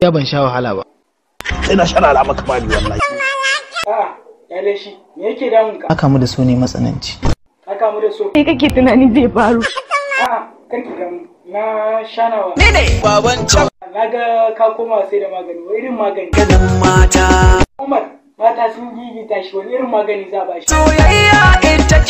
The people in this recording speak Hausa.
Ya ban sha wahala ba. Sai na shan alama kama bani wallahi. A ah, yale shi me yake damun ka? Aka mu da so ne matsananci. Aka mu da so. Me kake tunani zai faru? A ah, kan ki na shana wa. ne baban can. Na ga ka koma sai da magani wani irin magani. Ganin mata. Umar mata sun gigita shi wani irin magani za ba shi. Soyayya ita